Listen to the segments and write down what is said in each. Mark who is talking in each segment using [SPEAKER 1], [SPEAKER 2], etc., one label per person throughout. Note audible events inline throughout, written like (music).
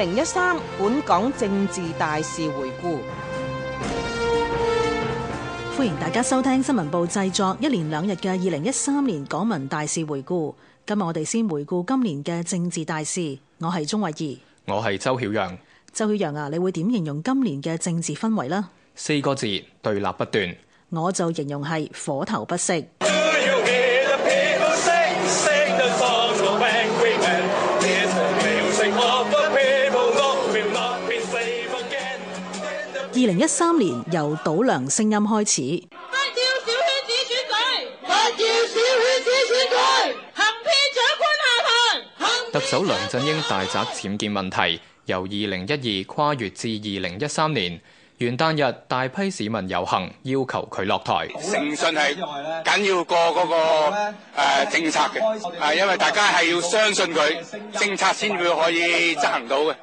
[SPEAKER 1] 二零一三，本港政治大事回顧。歡迎大家收聽新聞部製作一連兩日嘅二零一三年港聞大事回顧。今日我哋先回顧今年嘅政治大事。我係鍾慧儀，
[SPEAKER 2] 我係周曉陽。
[SPEAKER 1] 周曉陽啊，你會點形容今年嘅政治氛圍呢？
[SPEAKER 2] 四個字，對立不斷。
[SPEAKER 1] 我就形容係火頭不息。二零一三年由倒梁聲音開始，
[SPEAKER 3] 快叫小圈子轉台，快叫小圈子轉台，行
[SPEAKER 1] 偏左滾下去。
[SPEAKER 2] 特首梁振英大宅僭建問題，由二零一二跨越至二零一三年元旦日，大批市民遊行要求佢落台。誠
[SPEAKER 4] 信係緊要過嗰個誒政策嘅，
[SPEAKER 5] 係因為大家係要相信佢政策先會可以執行到嘅。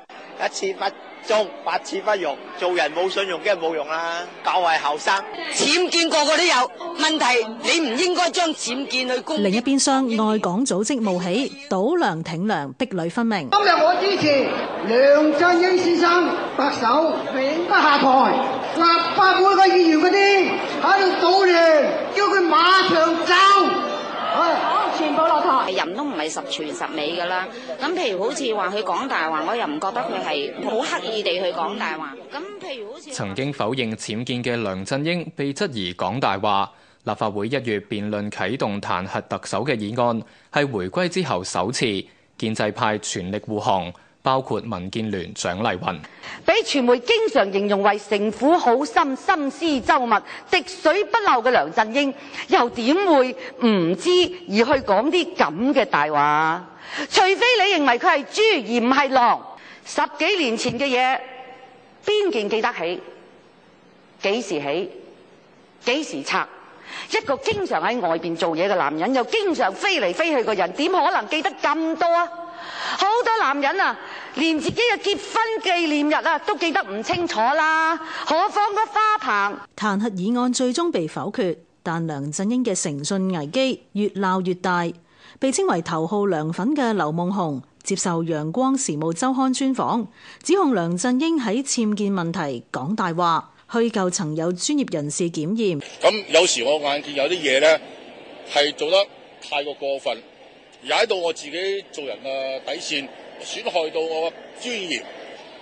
[SPEAKER 5] 一次不。仲白紙不用，做人冇信用梗係冇用啦！教壞後生，
[SPEAKER 1] 僭建個個都有問題，
[SPEAKER 3] 你唔應該將僭建
[SPEAKER 1] 去。另一邊廂，愛港組織冒起，倒梁挺梁，壁壘分明。今日我
[SPEAKER 3] 支持梁振
[SPEAKER 6] 英先生白首永不下台，立法會嘅議員嗰啲
[SPEAKER 3] 喺度組聯，叫佢馬上走。全部落台，人都唔係十全十美㗎啦。咁譬如好似話，佢講大話，我又唔覺得佢係好刻意地去講大話。咁譬如好似
[SPEAKER 2] 曾經否認僭建嘅梁振英被，被質疑講大話。立法會一月辯論啟動彈劾特首嘅議案，係回歸之後首次建制派全力護航。包括民建聯蔣麗云，
[SPEAKER 3] 俾傳媒經常形容為城府好深、心思周密、滴水不漏嘅梁振英，又點會唔知而去講啲咁嘅大話？除非你認為佢係豬而唔係狼。十幾年前嘅嘢，邊件記得起？幾時起？幾時拆？一個經常喺外邊做嘢嘅男人，又經常飛嚟飛去嘅人，點可能記得咁多啊？好多男人啊！連自己嘅結婚
[SPEAKER 1] 紀念日啊，都記得唔清楚啦！何況個花棚，彈劾議案最終被否決，但梁振英嘅誠信危機越鬧越大。被稱為頭號梁粉嘅劉夢熊接受《陽光時務週刊》專訪，指控梁振英喺僭建問題講大話，虛構曾有專業人士檢驗。
[SPEAKER 5] 咁有時我眼見有啲嘢呢，係做得太過過分，踩到我自己做人嘅底線。損害到我嘅尊嚴。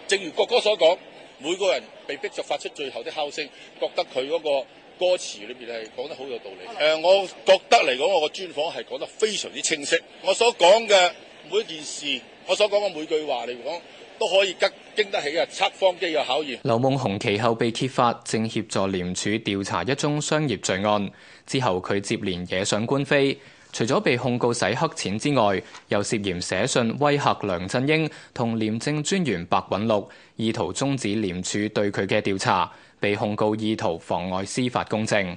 [SPEAKER 5] 正如國歌所講，每個人被逼著發出最後的敲聲，覺得佢嗰個歌詞裏面係講得好有道理。誒、嗯，我覺得嚟講，我個專訪係講得非常之清晰。我所講嘅每件事，我所講嘅每句話嚟講，都可以得經得起啊測謊機嘅考驗。
[SPEAKER 2] 劉夢熊其後被揭發正協助廉署調查一宗商業罪案，之後佢接連惹上官非。除咗被控告洗黑錢之外，又涉嫌寫信威嚇梁振英同廉政專員白韞六，意圖中止廉署對佢嘅調查，被控告意圖妨礙司法公正。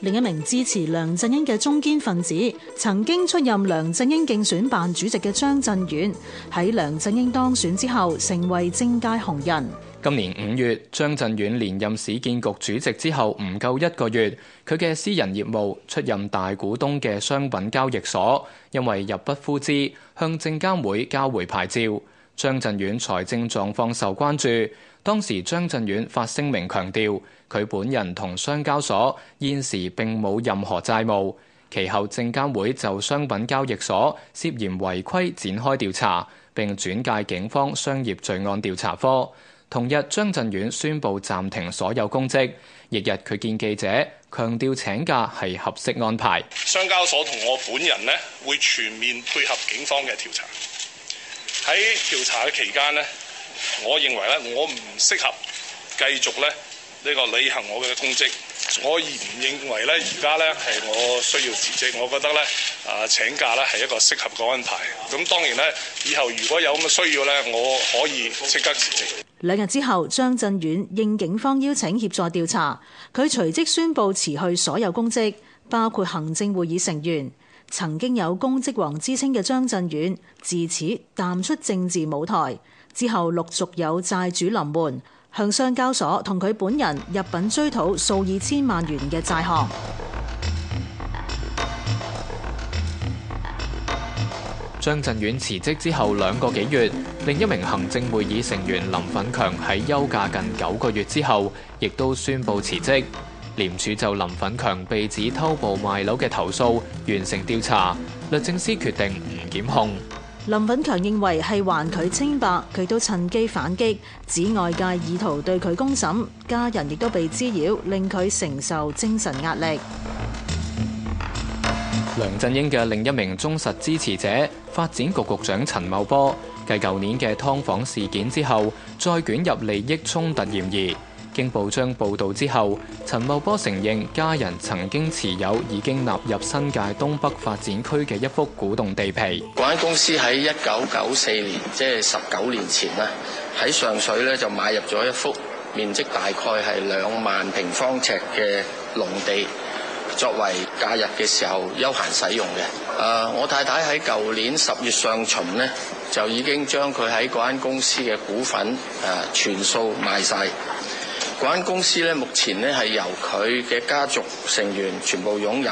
[SPEAKER 1] 另一名支持梁振英嘅中堅分子，曾經出任梁振英競選辦主席嘅張震遠，喺梁振英當選之後，成為政界紅人。
[SPEAKER 2] 今年五月，張震遠連任市建局主席之後，唔夠一個月，佢嘅私人業務出任大股東嘅商品交易所，因為入不敷支，向證監會交回牌照。張震遠財政狀況受關注，當時張震遠發聲明強調，佢本人同商交所現時並冇任何債務。其後，證監會就商品交易所涉嫌違規展開調查，並轉介警方商業罪案調查科。同日，張震遠宣布暫停所有公職。日日，佢見記者，強調請假係合適安排。
[SPEAKER 7] 商交所同我本人咧會全面配合警方嘅調查。喺調查嘅期間呢，我認為咧，我唔適合繼續咧呢個履行我嘅公職。我而唔認為咧，而家咧係我需要辭職。我覺得咧，啊請假咧係一個適合嘅安排。咁當然咧，以後如果有咁嘅需要咧，我可以即刻辭職。
[SPEAKER 1] 兩日之後，張震遠應警方邀請協助調查，佢隨即宣布辭去所有公職，包括行政會議成員。曾經有公職王之稱嘅張震遠，自此淡出政治舞台。之後陸續有債主臨門。向上交所同佢本人入稟追討數以千萬元嘅債項。
[SPEAKER 2] 張震遠辭職之後兩個幾月，另一名行政會議成員林奮強喺休假近九個月之後，亦都宣布辭職。廉署就林奮強被指偷步賣樓嘅投訴完成調查，律政司決定唔檢控。
[SPEAKER 1] 林奮強認為係還佢清白，佢都趁機反擊，指外界意圖對佢公審，家人亦都被滋擾，令佢承受精神壓力。
[SPEAKER 2] 梁振英嘅另一名忠實支持者、發展局局長陳茂波，繼舊年嘅劏房事件之後，再捲入利益衝突嫌疑。經報章報導之後，陳茂波承認家人曾經持有已經納入新界東北發展區嘅一幅古洞地皮。嗰
[SPEAKER 5] 間公司喺一九九四年，即係十九年前喺上水就買入咗一幅面積大概係間公司咧，目前咧係由佢嘅家族成員全部擁有。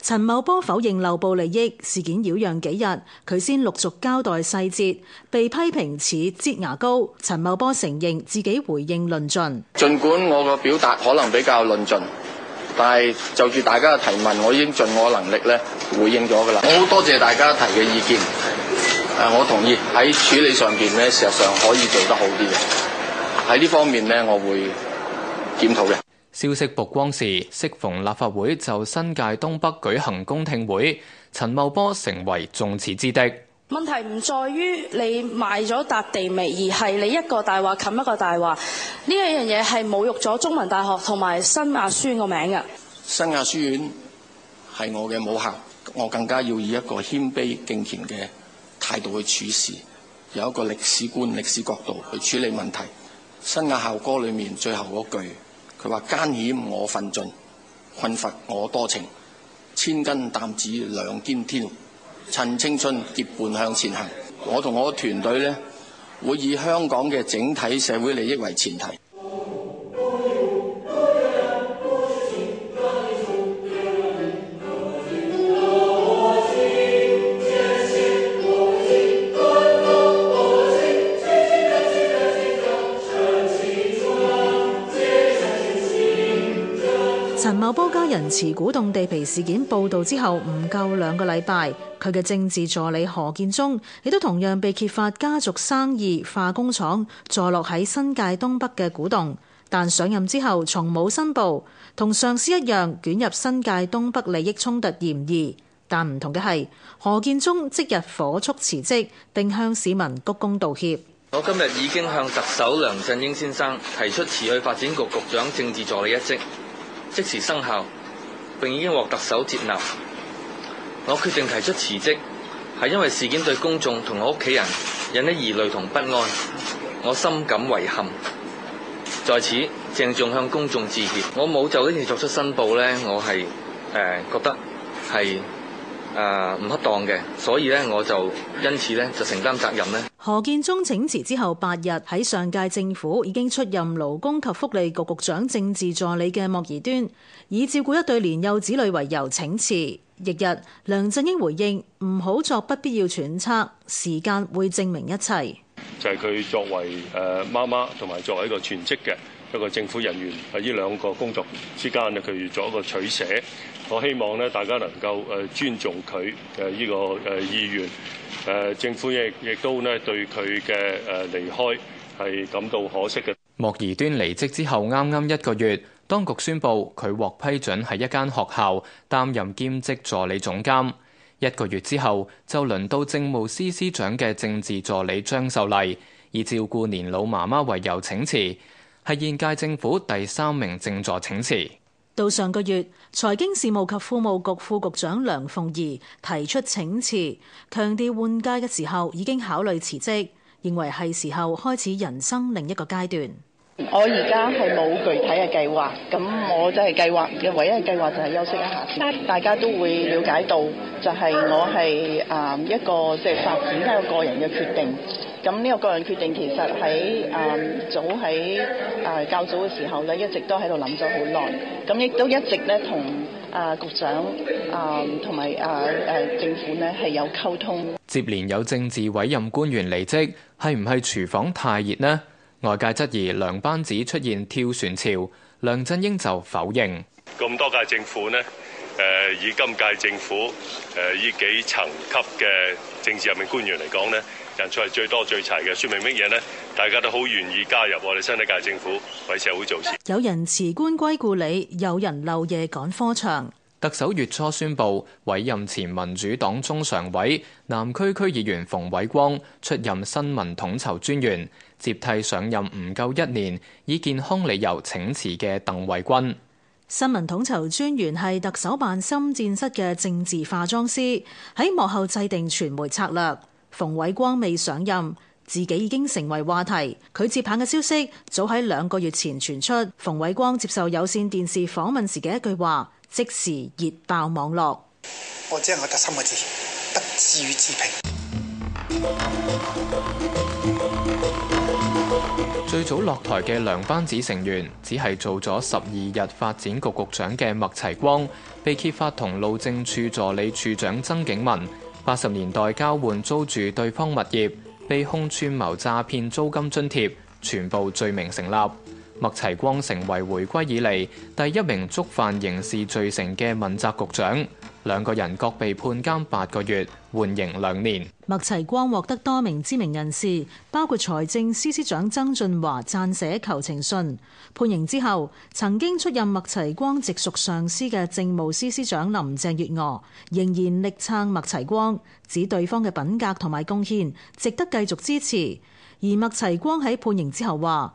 [SPEAKER 1] 陳茂波否認漏報利益，事件擾攘幾日，佢先陸續交代細節，被批評似擠牙膏。陳茂波承認自己回應論盡，儘管我
[SPEAKER 5] 嘅表達可能比較論盡，但係就住大家嘅提問，我已經盡我能力咧回應咗㗎啦。我好多謝大家提嘅意見。誒，我同意喺處理上邊咧，事實上可以做得好啲嘅。喺呢方面咧，我會。檢討嘅
[SPEAKER 2] 消息曝光時，適逢立法會就新界東北舉行公聽會，陳茂波成為眾矢之的。
[SPEAKER 1] 問題唔在於你
[SPEAKER 3] 賣咗笪地皮，而係你一個大話冚一個大話。呢樣嘢係侮辱咗中文大學同埋新亞書院個名嘅。
[SPEAKER 5] 新亞書院係我嘅母校，我更加要以一個謙卑敬虔嘅態度去處事，有一個歷史觀、歷史角度去處理問題。新亞校歌裏面最後嗰句。佢話艱險我奮進，困乏我多情，千斤擔子兩肩挑，趁青春結伴向前行。我同我嘅團隊咧，會以香港嘅整體社會利益為前提。
[SPEAKER 1] 人慈古洞地皮事件報道之後唔夠兩個禮拜，佢嘅政治助理何建宗亦都同樣被揭發家族生意化工廠坐落喺新界東北嘅古洞，但上任之後從冇申報，同上司一樣捲入新界東北利益衝突嫌疑。但唔同嘅係，何建宗即日火速辭職，並向市民鞠躬道歉。
[SPEAKER 2] 我今日已經向特首梁振英先生提出辭去發展局局長政治助理一職，即時生效。並已經獲特首接納，我決定提出辭職，係因為事件對公眾同我屋企人引起疑慮同不安，我深感遺憾，在此鄭重向公眾致歉。我冇就呢件事作出申報咧，我係誒、呃、覺得係。
[SPEAKER 5] 誒、呃、唔恰當嘅，所以咧我就因此咧就承擔責任咧。
[SPEAKER 1] 何建宗請辭之後八日，喺上屆政府已經出任勞工及福利局局長政治助理嘅莫宜端，以照顧一對年幼子女為由請辭。翌日，梁振英回應，唔好作不必要揣測，時間會證明一切。
[SPEAKER 7] 就係、是，佢作為誒媽媽同埋作為一個全職嘅一個政府人員，喺呢兩個工作之間咧，佢要做一個取捨。我希望咧，大家能夠誒尊重佢誒依個誒意願。誒政府亦亦都咧對佢嘅誒離開係感到可惜嘅。
[SPEAKER 2] 莫宜端離職之後，啱啱一個月，當局宣布佢獲批准喺一間學校擔任兼職助理總監。一個月之後，就輪到政務司司長嘅政治助理張秀麗以照顧年老媽媽為由請辭，係現屆政府第三名政助請辭。
[SPEAKER 1] 到上個月，財經事務及庫務局副，副局長梁鳳儀提出請辭，強調換屆嘅時候已經考慮辭職，認為係時候開始人生另一個階段。我而家係冇具體
[SPEAKER 3] 嘅計劃，咁我即係計劃嘅唯一嘅計劃就係休息一下。大家都會了解到，就係我係啊一個即係發展，一個個人嘅決定。咁呢個個人決定其實喺啊早喺啊較早嘅時候咧，一直都喺度諗咗好耐。咁亦都一直咧同啊局長啊同埋啊誒政府呢係有溝通。
[SPEAKER 2] 接連有政治委任官員離職，係唔係廚房太熱呢？外界質疑梁班子出現跳船潮，梁振英就否認。
[SPEAKER 7] 咁多屆政府呢？誒、呃，以今屆政府誒呢、呃、幾層級嘅政治入面官員嚟講呢，人才係最多最齊嘅，説明乜嘢呢？大家都好願意加入我哋新一屆政府為社會做事。有人
[SPEAKER 1] 辭官歸故里，有人漏夜趕科場。特首月初宣布委
[SPEAKER 2] 任前民主黨中常委、南區區議員馮偉光出任新聞統籌專員，接替上任唔夠一年以健康理由請辭嘅鄧慧君。
[SPEAKER 1] 新聞統籌專員係特首辦深戰室嘅政治化妝師，喺幕後制定傳媒策略。馮偉光未上任。自己已經成為話題。佢接棒嘅消息早喺兩個月前傳出。馮偉光接受有線電視訪問時嘅一句話，即時熱爆網絡。我只係覺得三個字，不至於自評。
[SPEAKER 2] 最早落台嘅梁班子成員，只係做咗十二日發展局局長嘅麥齊光，被揭發同路政署助理署長曾景文八十年代交換租住對方物業。被控串謀詐騙租金津貼，全部罪名成立。麥齊光成為回歸以嚟第一名觸犯刑事罪成嘅問責局長。兩個人各被判監八個月，緩刑兩年。
[SPEAKER 1] 麥齊光獲得多名知名人士，包括財政司司長曾俊華撰寫求情信。判刑之後，曾經出任麥齊光直屬上司嘅政務司司長林鄭月娥仍然力撐麥齊光，指對方嘅品格同埋貢獻值得繼續支持。而麥齊光喺判刑之後話：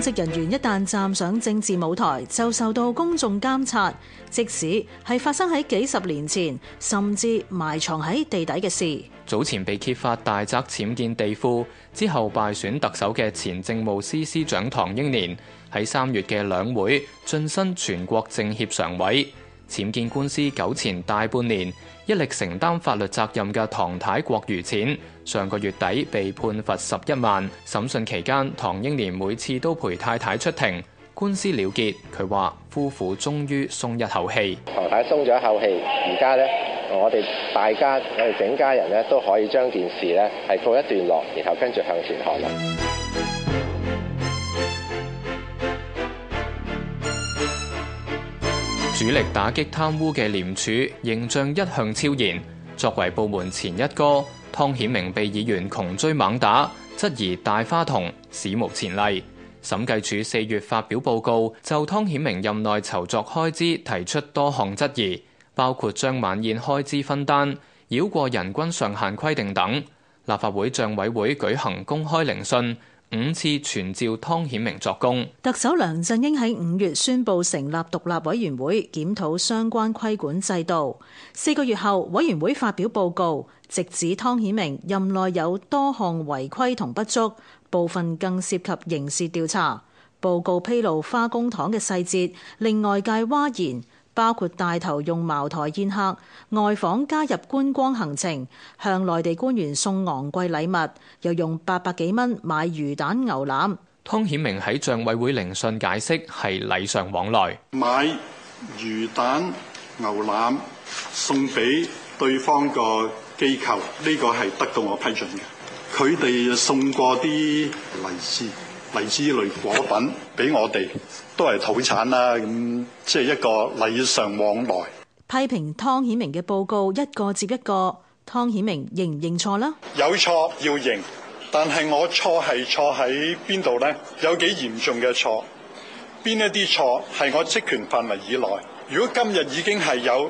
[SPEAKER 1] 職人員一旦站上政治舞台，就受到公眾監察。即使係發生喺幾十年前，甚至埋藏喺地底嘅事，
[SPEAKER 2] 早前被揭發大宅僭建地庫之後敗選特首嘅前政務司司長唐英年，喺三月嘅兩會晉身全國政協常委。僭建官司糾纏大半年，一力承擔法律責任嘅唐太郭妤淺上個月底被判罰十一萬。審訊期間，唐英年每次都陪太太出庭。官司了結，佢話夫婦終於鬆一口氣。
[SPEAKER 5] 唐太鬆咗一口氣，而家呢，我哋大家我哋整家人呢，都可以將件事呢係告一段落，然後跟住向前看啦。
[SPEAKER 2] 主力打擊貪污嘅廉署形象一向超然，作為部門前一哥湯顯明被議員窮追猛打，質疑大花童史無前例。審計署四月發表報告，就湯顯明任內籌作開支提出多項質疑，包括將晚宴開支分擔繞過人均上限規定等。立法會帳委會舉行公開聆訊。五次傳召湯顯明作供。
[SPEAKER 1] 特首梁振英喺五月宣布成立獨立委員會檢討相關規管制度。四個月後，委員會發表報告，直指湯顯明任內有多項違規同不足，部分更涉及刑事調查。報告披露花公帑嘅細節，令外界嘩然。包括帶頭用茅台宴客、外訪加入觀光行程、向內地官員送昂貴禮物，又用八百幾蚊買魚蛋牛腩。
[SPEAKER 2] 湯顯明喺帳委會聆訊解釋，係禮尚往來，
[SPEAKER 7] 買魚蛋牛腩送俾對方個機構，呢個係得到我批准嘅。佢哋送過啲利是。荔枝類果品俾我哋都係土產啦、啊，咁、嗯、即係一個禮尚往來。
[SPEAKER 1] 批評湯顯明嘅報告一個接一個，湯顯明認唔認錯啦？
[SPEAKER 7] 有錯要認，但係我錯係錯喺邊度咧？有幾嚴重嘅錯？邊一啲錯係我職權範圍以內？如果今日已經係有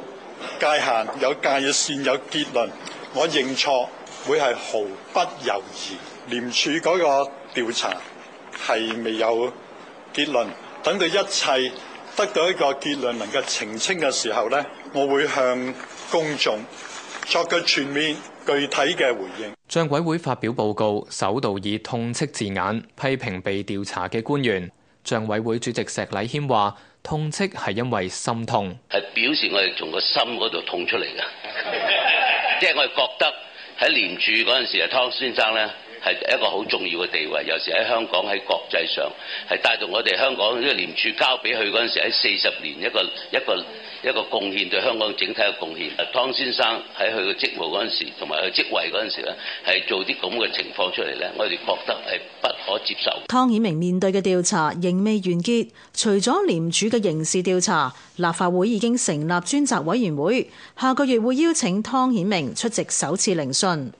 [SPEAKER 7] 界限、有界線、有結論，我認錯會係毫不猶豫。廉署嗰個調查。係未有結論，等佢一切得到一個結論，能夠澄清嘅時候咧，我會向公眾作個全面具體嘅回應。
[SPEAKER 2] 帳委會發表報告，首度以痛斥字眼批評被調查嘅官員。帳委會主席石禮謙話：痛斥係因為心痛，
[SPEAKER 6] 係表示我哋從個心嗰度痛出嚟嘅，即 (laughs) 係我哋覺得喺廉署嗰陣時啊，湯先生咧。係一個好重要嘅地位，尤其喺香港喺國際上係帶動我哋香港呢個廉署交俾佢嗰陣時候，喺四十年一個一個一個貢獻，對香港整體嘅貢獻。湯先生喺佢嘅職務嗰陣時候，同埋佢職位嗰陣時咧，係做啲咁嘅情況出嚟呢，我哋覺得係不可接受。
[SPEAKER 1] 湯顯明面對嘅調查仍未完結，除咗廉署嘅刑事調查，立法會已經成立專責委員會，下個月會邀請湯顯明出席首次聆訊。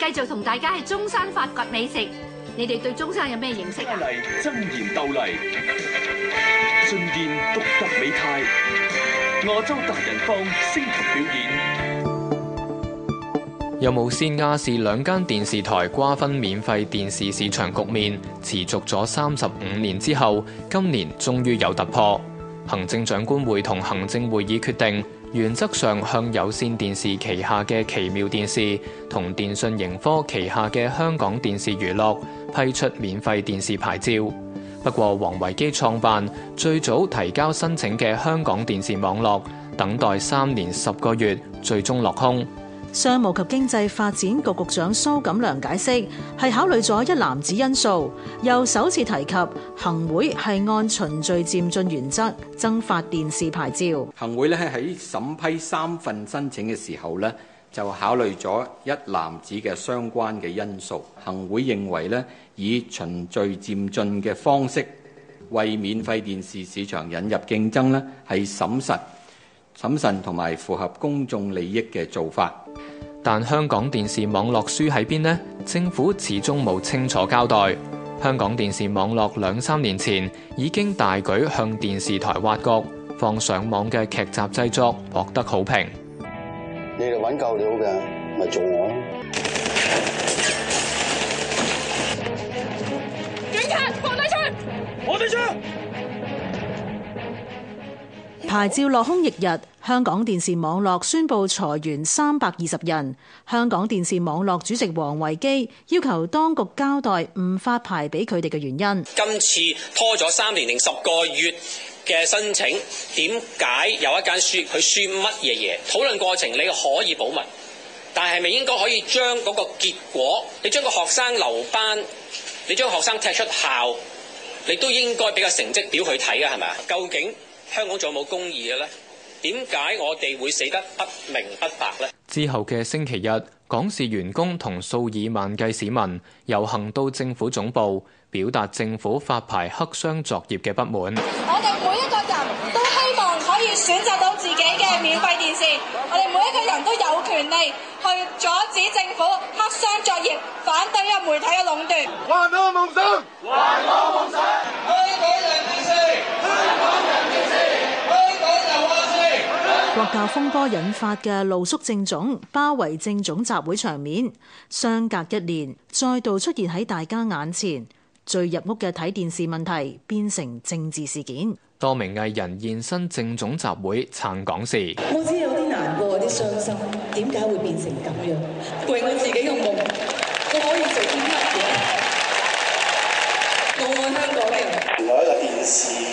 [SPEAKER 3] 繼續同大家喺中山發掘美食，你哋對中山有咩認識
[SPEAKER 7] 啊？爭妍鬥麗，盡現獨特美態。亞洲達人坊升級表演。
[SPEAKER 2] 有無線亞視兩間電視台瓜分免費電視市場局面，持續咗三十五年之後，今年終於有突破。行政長官會同行政會議決定，原則上向有線電視旗下嘅奇妙電視同電訊盈科旗下嘅香港電視娛樂批出免費電視牌照。不過，王維基創辦最早提交申請嘅香港電視網絡，等待三年十個月，最終落空。
[SPEAKER 1] 商務及經濟發展局局長蘇錦樑解釋，係考慮咗一籃子因素，又首次提及行會係按循序漸進原則增發電視牌照。
[SPEAKER 5] 行會咧喺審批三份申請嘅時候咧，就考慮咗一籃子嘅相關嘅因素。行會認為咧，以循序漸進嘅方式為免費電視市場引入競爭咧，係審慎審慎同埋符合公眾利益嘅做法。但香港電視網絡輸喺邊呢？
[SPEAKER 2] 政府始終冇清楚交代。香港電視網絡兩三年前已經大舉向電視台挖角，放上網嘅劇集製作，獲得
[SPEAKER 5] 好評。你哋揾夠料嘅，咪做我。
[SPEAKER 1] 警察，放低出，放低出。牌照落空翌日，香港電視網絡宣布裁員三百二十人。香港電視網絡主席王維基要求當局交代唔發牌俾佢哋嘅原因。
[SPEAKER 6] 今次拖咗三年零十個月嘅申請，點解有一間書佢算乜嘢嘢？討論過程你可以保密，但係咪應該可以將嗰個結果？你將個學生留班，你將學生踢出校，你都應該俾個成績表佢睇啊？係咪啊？究竟？香港仲有冇公義嘅呢？點解我哋會死得不明不白呢？
[SPEAKER 2] 之後嘅星期日，港視員工同數以萬計市民遊行到政府總部，表達政府發牌黑箱作業嘅不滿。
[SPEAKER 3] 我哋每一個人都希望可以選擇到自己嘅免費電視，我哋每一個人都有權利去阻止政府黑箱作業，反對有媒體嘅壟斷。還我夢想！還我夢想！
[SPEAKER 1] 國教風波引發嘅露宿政總、包圍政總集會場面，相隔一年再度出現喺大家眼前。最入屋嘅睇電視問題變成政治事件，
[SPEAKER 2] 多名藝人現身政總集會撐港視。
[SPEAKER 3] 我知有啲難過，有啲傷心，點解會變成咁樣？為我自己嘅夢，我可以做啲乜嘢？我愛香港嘅。另一個電
[SPEAKER 5] 視。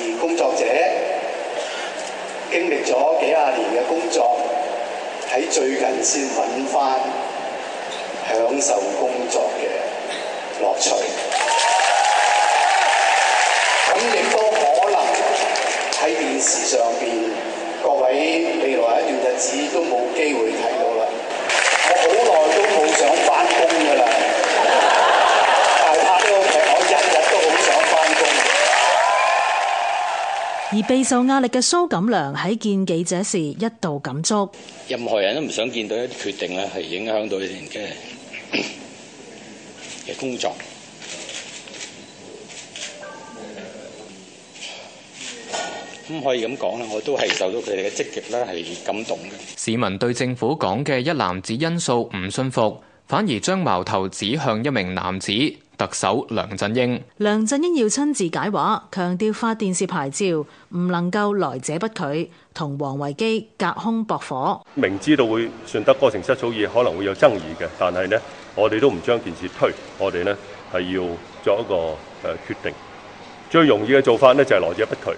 [SPEAKER 5] 經歷咗幾廿年嘅工作，喺最近先揾返享受工作嘅樂趣。咁亦都可能喺電視上邊，各位未來一段日子都冇機會睇到啦。我好耐都冇想返
[SPEAKER 4] 工噶啦。
[SPEAKER 1] 而備受壓力嘅蘇錦樑喺見記者時一度感觸，
[SPEAKER 5] 任何人都唔想見到一啲決定咧，係影響到佢哋嘅嘅工作。咁可以咁講啦，我都係受到佢哋嘅積極咧，係感動嘅。
[SPEAKER 2] 市民對政府講嘅一籃子因素唔信服。反而將矛頭指向一名男子，特首梁振英。
[SPEAKER 1] 梁振英要親自解話，強調發電視牌照唔能夠來者不拒，同王維基隔空駁火。
[SPEAKER 7] 明知道會順德過程失火嘢可能會有爭議嘅，但係呢，我哋都唔將件事推，我哋呢係要做一個誒決定。最容易嘅做法呢就係、是、來者不拒，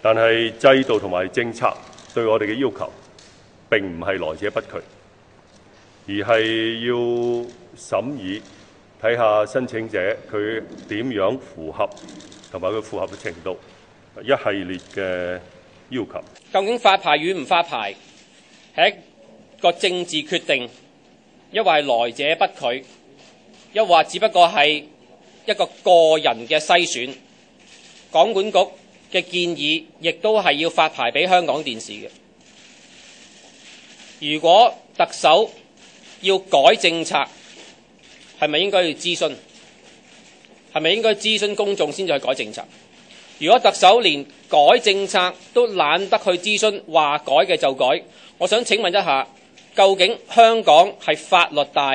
[SPEAKER 7] 但係制度同埋政策對我哋嘅要求，並唔係來者不拒。而係要審議，睇下申請者佢點樣符合，同埋佢符合嘅程度，一系列嘅要求。
[SPEAKER 6] 究竟發牌與唔發牌係一個政治決定，抑或來者不拒，抑或只不過係一個個人嘅篩選？港管局嘅建議亦都係要發牌俾香港電視嘅。如果特首要改政策，係咪應該要諮詢？係咪應該諮詢公眾先再改政策？如果特首連改政策都懶得去諮詢，話改嘅就改。我想請問一下，究竟香港係法律大、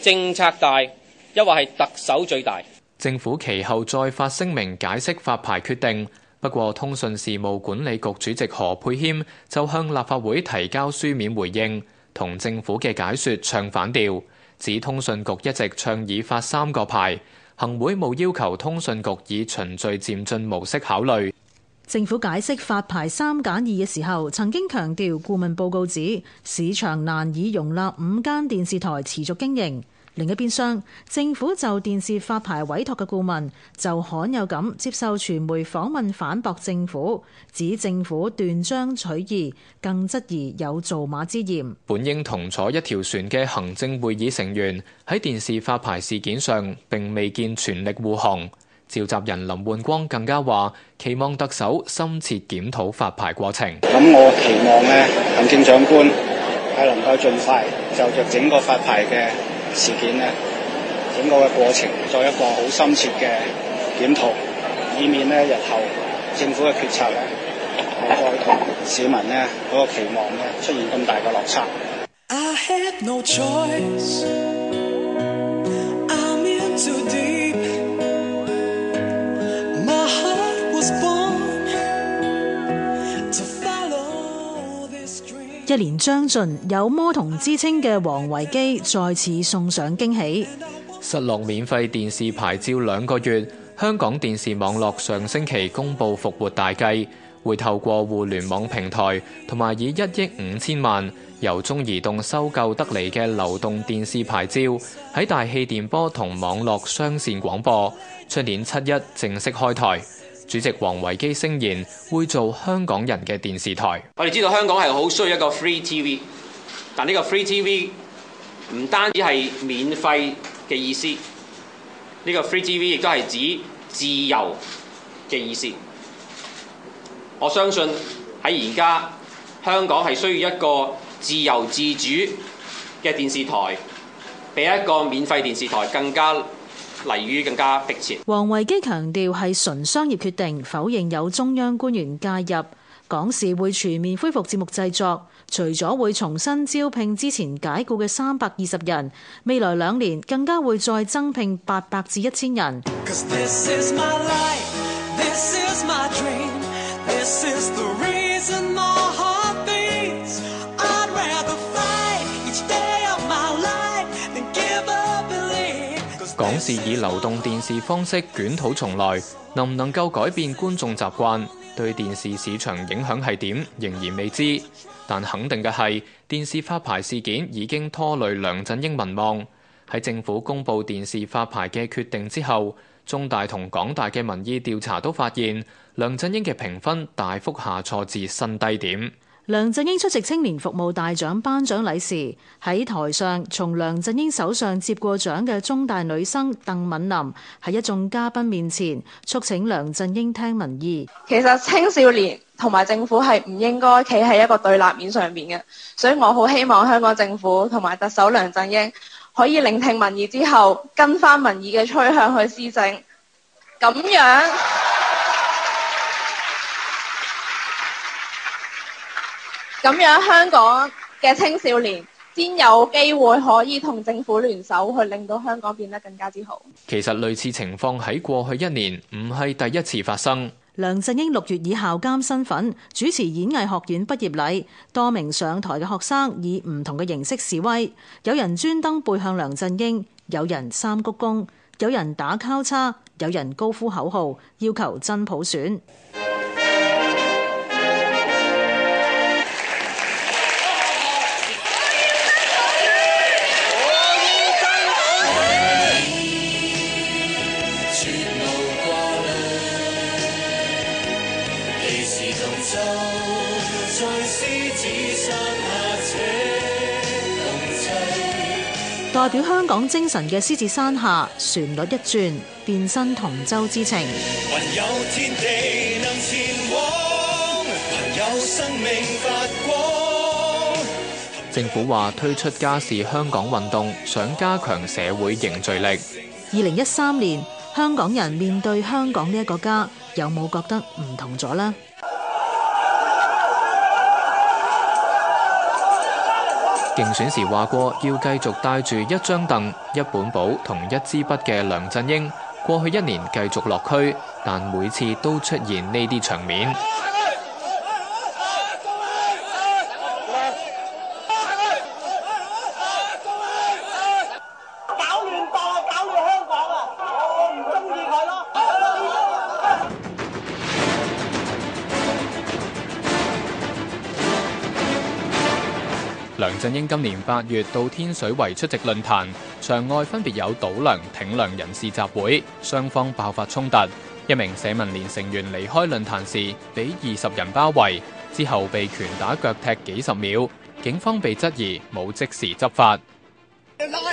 [SPEAKER 6] 政策大，抑或係特首最大？
[SPEAKER 2] 政府其後再發聲明解釋發牌決定，不過通訊事務管理局主席何佩謙就向立法會提交書面回應。同政府嘅解説唱反調，指通訊局一直倡議發三個牌，行會冇要求通訊局以循序漸進模式考慮。
[SPEAKER 1] 政府解釋發牌三揀二嘅時候，曾經強調顧問報告指市場難以容納五間電視台持續經營。另一邊廂，政府就電視發牌委託嘅顧問就罕有咁接受傳媒訪問反駁政府，指政府斷章取義，更質疑有造馬之嫌。
[SPEAKER 2] 本應同坐一條船嘅行政會議成員喺電視發牌事件上，並未見全力護航。召集人林煥光更加話，期望特首深切檢討發牌過程。
[SPEAKER 4] 咁我期望呢，行政
[SPEAKER 5] 長官係能夠盡快就着整個發牌嘅。事件咧，
[SPEAKER 4] 整個嘅過程作一個好深切嘅檢討，以免咧日後政府嘅決策咧，唔再同市民咧嗰、那個期望咧出現咁大嘅落差。
[SPEAKER 1] I had no 一年將盡，有魔童之稱嘅王維基再次送上驚喜。
[SPEAKER 2] 失落免費電視牌照兩個月，香港電視網絡上星期公布復活大計，會透過互聯網平台同埋以一億五千萬由中移動收購得嚟嘅流動電視牌照，喺大氣電波同網絡雙線廣播，出年七一正式開台。主席王維基聲言會做香港人嘅電視台。
[SPEAKER 6] 我哋知道香港係好需要一個 Free TV，但呢個 Free TV 唔單止係免費嘅意思，呢個 Free TV 亦都係指自由嘅意思。我相信喺而家香港係需要一個自由自主嘅電視台，比一個免費電視台更加嚟於更加迫切。
[SPEAKER 1] 王維基強調係純商業決定，否認有中央官員介入。港視會全面恢復節目製作，除咗會重新招聘之前解僱嘅三百二十人，未來兩年更加會再增聘八百至一千人。是
[SPEAKER 2] 以流動電視方式捲土重來，能唔能夠改變觀眾習慣，對電視市場影響係點，仍然未知。但肯定嘅係，電視發牌事件已經拖累梁振英民望。喺政府公布電視發牌嘅決定之後，中大同港大嘅民意調查都發現，梁振英嘅評分大幅下挫至新低點。
[SPEAKER 1] 梁振英出席青年服務大獎頒獎禮時，喺台上從梁振英手上接過獎嘅中大女生鄧敏琳，喺一眾嘉賓面前促請梁振英聽民意。其實青少年同埋政府係唔應該企喺一個對立面上面嘅，
[SPEAKER 3] 所以我好希望香港政府同埋特首梁振英可以聆聽民意之後，跟翻民意嘅趨向去施政，咁樣。咁樣香港嘅青少年先有機會可以同政府聯手，去令到香港變
[SPEAKER 1] 得更加之好。
[SPEAKER 2] 其實類似情況喺過去一年唔係第一次發生。
[SPEAKER 1] 梁振英六月以校監身份主持演藝學院畢業禮，多名上台嘅學生以唔同嘅形式示威，有人專登背向梁振英，有人三鞠躬，有人打交叉，有人高呼口號，要求真普選。代表香港精神嘅獅子山下，旋律一轉，變身同舟之情。
[SPEAKER 7] 天地
[SPEAKER 4] 能前往生命發光，
[SPEAKER 2] 政府話推出家是香港運動，想加強社會凝聚力。
[SPEAKER 1] 二零一三年，香港人面對香港呢一個家，有冇覺得唔同咗呢？
[SPEAKER 2] 競選時話過要繼續帶住一張凳、一本簿同一支筆嘅梁振英，過去一年繼續落區，但每次都出現呢啲場面。梁振英今年八月到天水圍出席論壇，場外分別有倒梁、挺梁人士集會，雙方爆發衝突。一名社民連成員離開論壇時，畀二十人包圍，之後被拳打腳踢幾十秒，警方被質疑冇即時執法。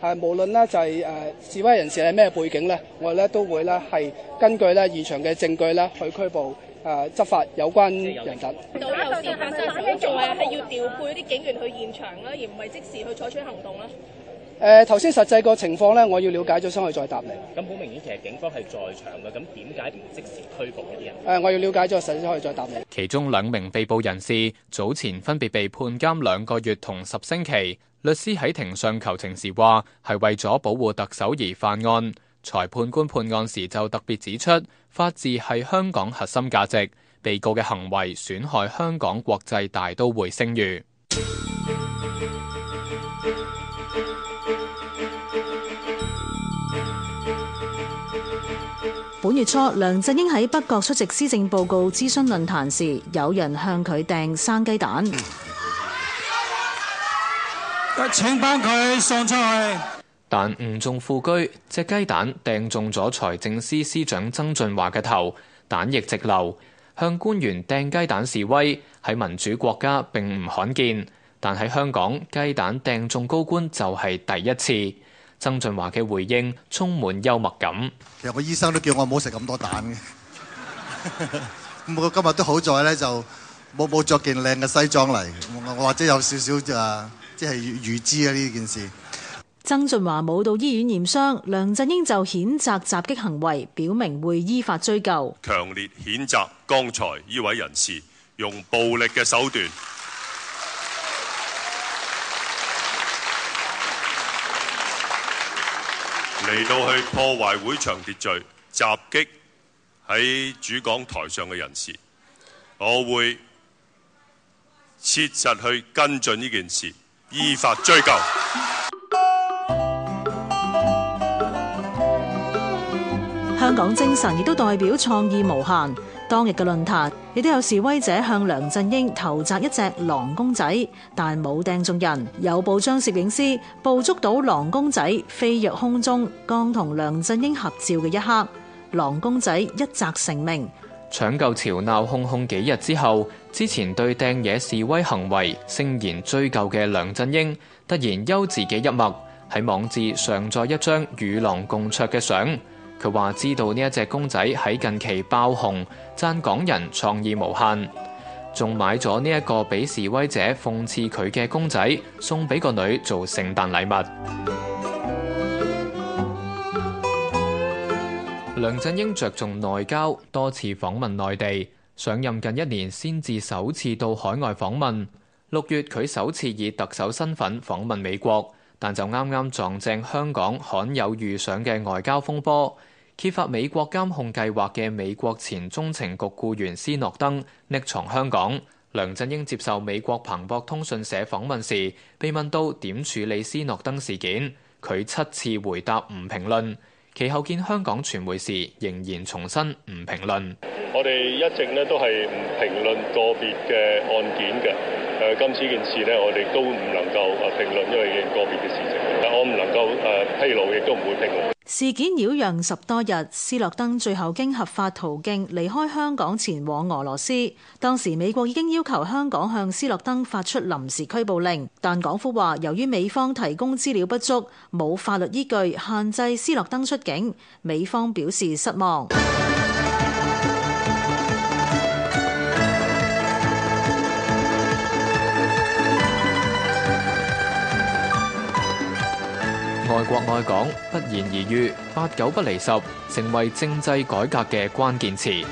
[SPEAKER 6] 係、啊、無論呢就係、是呃、示威人士係咩背景咧，我哋都會咧係根據咧現場嘅證據咧去拘捕誒、呃、執法有關人等。
[SPEAKER 3] 有事發生，仲係要調配啲警員去現場啦，而唔係即時去採取行動啦。
[SPEAKER 6] 誒頭先實際個情況呢，我要了解咗先可以再答你。咁好明顯，其實警方係在場嘅，咁點解唔即時拘捕嗰啲人？誒，我要了解咗先可以再答你。
[SPEAKER 2] 其中兩名被捕人士早前分別被判監兩個月同十星期。律師喺庭上求情時話：係為咗保護特首而犯案。裁判官判案時就特別指出，法治係香港核心價值。被告嘅行為損害香港國際大都會聲譽。
[SPEAKER 1] 本月初，梁振英喺北角出席施政報告諮詢論壇時，有人向佢掟生雞蛋。
[SPEAKER 4] 請幫佢送出去。
[SPEAKER 2] 但誤中副車，隻雞蛋掟中咗財政司司長曾俊華嘅頭，蛋液直流。向官員掟雞蛋示威喺民主國家並唔罕見，但喺香港，雞蛋掟中高官就係第一次。曾俊華嘅回應充滿幽默感。
[SPEAKER 7] 其實個醫生都叫我唔好食咁多蛋嘅。咁 (laughs) 我今日都好在咧，就冇冇着件靚嘅西裝嚟，我或者有少少，啊，就即係預知啊呢件事。
[SPEAKER 1] 曾俊華冇到醫院驗傷，梁振英就譴責襲擊行為，表明會依法追究。
[SPEAKER 7] 強烈譴責剛才呢位人士用暴力嘅手段。嚟到去破壞會場秩序、襲擊喺主講台上嘅人士，我會切實去跟進呢件事，依法追究。
[SPEAKER 1] 香港精神亦都代表創意無限。當日嘅論壇，亦都有示威者向梁振英投擲一隻狼公仔，但冇掟中人。有報章攝影師捕捉到狼公仔飛躍空中，剛同梁振英合照嘅一刻，狼公仔一擲成名。
[SPEAKER 2] 搶救潮鬧哄哄幾日之後，之前對掟嘢示威行為聲言追究嘅梁振英，突然幽自己一默，喺網誌上載一張與狼共桌嘅相。佢話知道呢一隻公仔喺近期爆紅，讚港人創意無限，仲買咗呢一個俾示威者諷刺佢嘅公仔送俾個女做聖誕禮物。 (music) 梁振英着重內交，多次訪問內地，上任近一年先至首次到海外訪問。六月佢首次以特首身份訪問美國。但就啱啱撞正香港罕有遇上嘅外交風波，揭發美國監控計劃嘅美國前中情局僱員斯諾登匿藏香港。梁振英接受美國彭博通訊社訪問時被問到點處理斯諾登事件，佢七次回答唔評論，其後見香港傳媒時仍然重申唔評論，
[SPEAKER 7] 我哋一直呢都係唔評論個別嘅案件嘅。誒今次件事呢，我哋都唔能夠誒評論，因為已經個別嘅事情。但我唔能夠誒披露，亦都唔會披露。
[SPEAKER 1] 事件擾攘十多日，斯諾登最後經合法途徑離開香港前往俄羅斯。當時美國已經要求香港向斯諾登發出臨時拘捕令，但港府話由於美方提供資料不足，冇法律依據限制斯諾登出境，美方表示失望。
[SPEAKER 2] 愛國愛港，不言而喻；八九不離十，成為政制改革嘅關鍵詞。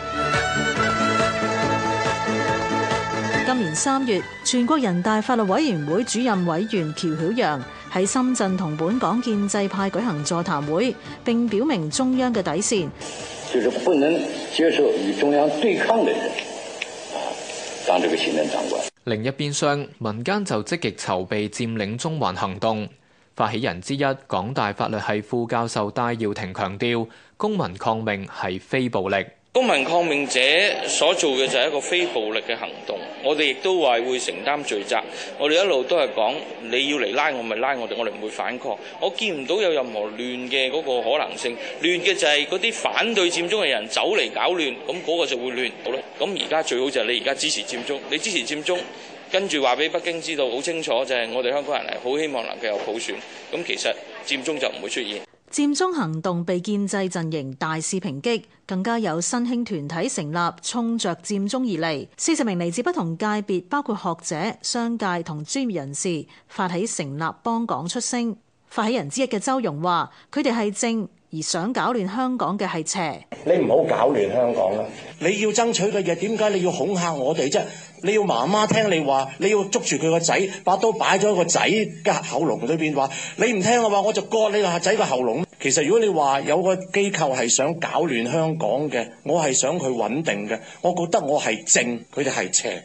[SPEAKER 1] 今年三月，全國人大法律委員會主任委員喬曉陽喺深圳同本港建制派舉行座談會，並表明中央嘅底線。
[SPEAKER 4] 就是不能接受與中央對抗的人，啊，當這個行政長官。
[SPEAKER 2] 另一邊廂，民間就積極籌備佔領中環行動。發起人之一，港大法律系副教授戴耀廷強調，公民抗命係非暴力。
[SPEAKER 5] 公民抗命者所做嘅就係一個非暴力嘅行動。我哋亦都話會承擔罪責。我哋一路都係講，你要嚟拉我，咪拉我哋，我哋唔會反抗。我見唔到有任何亂嘅嗰個可能性。亂嘅就係嗰啲反對佔中嘅人走嚟搞亂，咁嗰個就會亂。好嘞，咁而家最好就係你而家支持佔中，你支持佔中。跟住話俾北京知道好清楚就係，我哋香港人係好希望能夠有普選，咁其實佔中就唔會出現。
[SPEAKER 1] 佔中行動被建制陣營大肆抨擊，更加有新興團體成立，衝着佔中而嚟。四十名嚟自不同界別，包括學者、商界同專業人士，發起成立幫港出聲。發起人之一嘅周融話：佢哋係正，而想搞亂香港嘅係邪。
[SPEAKER 7] 你唔好搞亂香
[SPEAKER 5] 港啦！你要爭取嘅嘢，點解你要恐嚇我哋啫？你要媽媽聽你話，你要捉住佢個仔，把刀擺咗個仔嘅喉嚨裏邊，話你唔聽嘅話，我就割你個仔個喉嚨。其實如果你話有個機構係想搞亂香港嘅，我係想佢穩定嘅，我覺得我係正，佢哋係邪。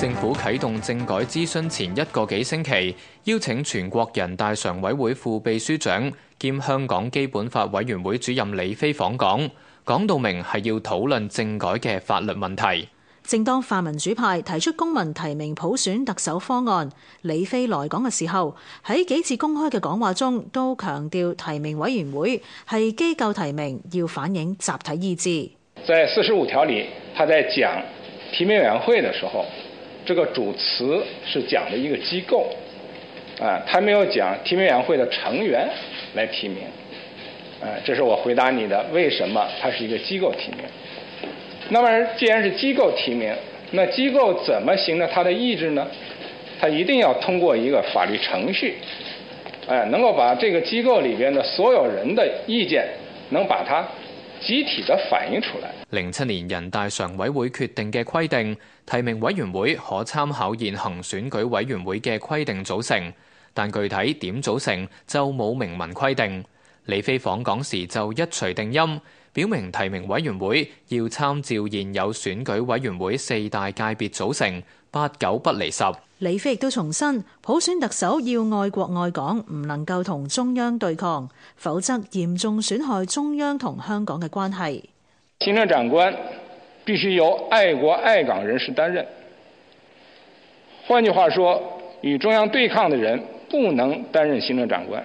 [SPEAKER 2] 政府啟動政改諮詢前一個幾星期，邀請全國人大常委會副秘書長兼香港基本法委員會主任李飛訪港。講到明係要討論政改嘅法律問題。
[SPEAKER 1] 正當泛民主派提出公民提名普選特首方案，李飛來港嘅時候，喺幾次公開嘅講話中，都強調提名委員會係機構提名，要反映集體意志。在四十五
[SPEAKER 4] 條裏，他在講提名委員會嘅時候，這個主詞是講了一個機構，啊，他沒有講提名委員會的成員來提名。這是我回答你的。為什麼它是一個機構提名？那麼，既然是機構提名，那機構怎麼形成它的意志呢？它一定要通過一個法律程序，能夠把這個機構裏邊的所有人的意見，能把它集體的反映出來。
[SPEAKER 2] 零七年人大常委會決定嘅規定，提名委員會可參考現行選舉委員會嘅規定組成，但具體點組成就冇明文規定。李飛訪港時就一錘定音，表明提名委員會要參照現有選舉委員會四大界別組成，八九不離十。
[SPEAKER 1] 李飛亦都重申，普選特首要愛國愛港，唔能夠同中央對抗，否則嚴重損害中央同香港嘅關係。
[SPEAKER 4] 行政長官必須由愛國愛港人士擔任，
[SPEAKER 1] 換句話說，
[SPEAKER 4] 與中央對抗嘅人不能擔任行政長官。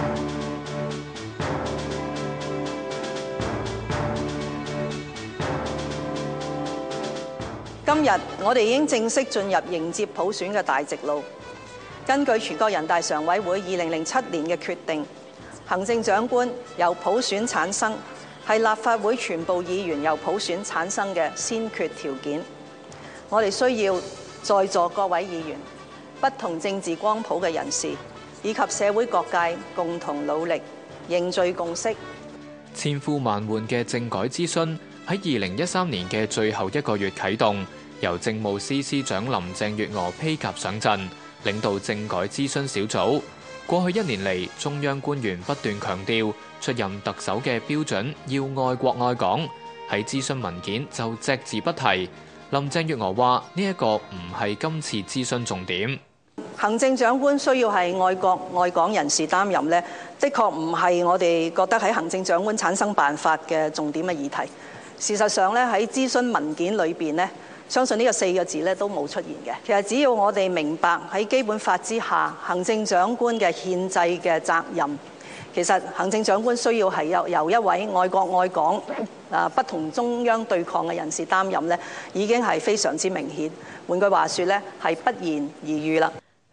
[SPEAKER 3] 今日我哋已經正式進入迎接普選嘅大直路。根據全國人大常委會二零零七年嘅決定，行政長官由普選產生，係立法會全部議員由普選產生嘅先決條件。我哋需要在座各位議員、不同政治光譜嘅人士以及社會各界共同努力，凝聚共識。
[SPEAKER 2] 千呼萬喚嘅政改諮詢喺二零一三年嘅最後一個月啟動。由政務司司長林鄭月娥披甲上陣，領導政改諮詢小組。過去一年嚟，中央官員不斷強調出任特首嘅標準要愛國愛港。喺諮詢文件就隻字不提。林鄭月娥話：呢一個唔係今次諮詢重點。
[SPEAKER 3] 行政長官需要係愛國愛港人士擔任，呢的確唔係我哋覺得喺行政長官產生辦法嘅重點嘅議題。事實上呢，喺諮詢文件裏邊相信呢個四個字咧，都冇出現嘅。其實只要我哋明白喺基本法之下，行政長官嘅憲制嘅責任，其實行政長官需要係由由一位愛國愛港啊，不同中央對抗嘅人士擔任咧，已經係非常之明顯，換句話說咧，係不言而喻啦。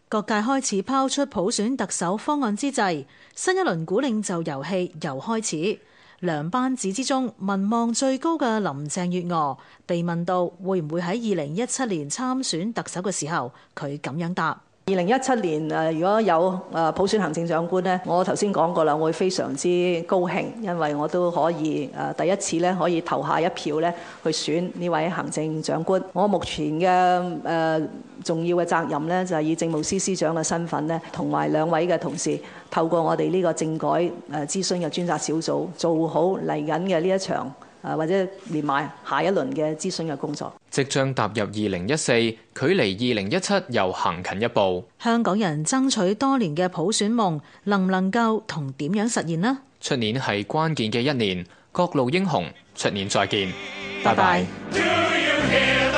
[SPEAKER 1] 各界開始拋出普選特首方案之際，新一輪估領袖遊戲由開始。梁班子之中，民望最高嘅林鄭月娥被問到會唔會喺二零一七年參選特首嘅時候，佢咁樣答：二零一七年誒，如果有誒普選行
[SPEAKER 3] 政長官咧，我頭先講過啦，我會非常之高興，因為我都可以誒第一次咧可以投下一票咧去選呢位行政長官。我目前嘅、呃、重要嘅責任咧就係以政務司司長嘅身份咧，同埋兩位嘅同事。透過我哋呢個政改誒諮詢嘅專責小組，做好嚟緊嘅呢一場
[SPEAKER 1] 誒或者連埋下一輪嘅諮詢嘅工作。
[SPEAKER 2] 即將踏入二零一四，距離二零一七又行近一步。
[SPEAKER 1] 香港人爭取多年嘅普選夢，能唔能夠同點樣實現呢？
[SPEAKER 2] 出年係關鍵嘅一年，各路英雄，出年再見，拜拜。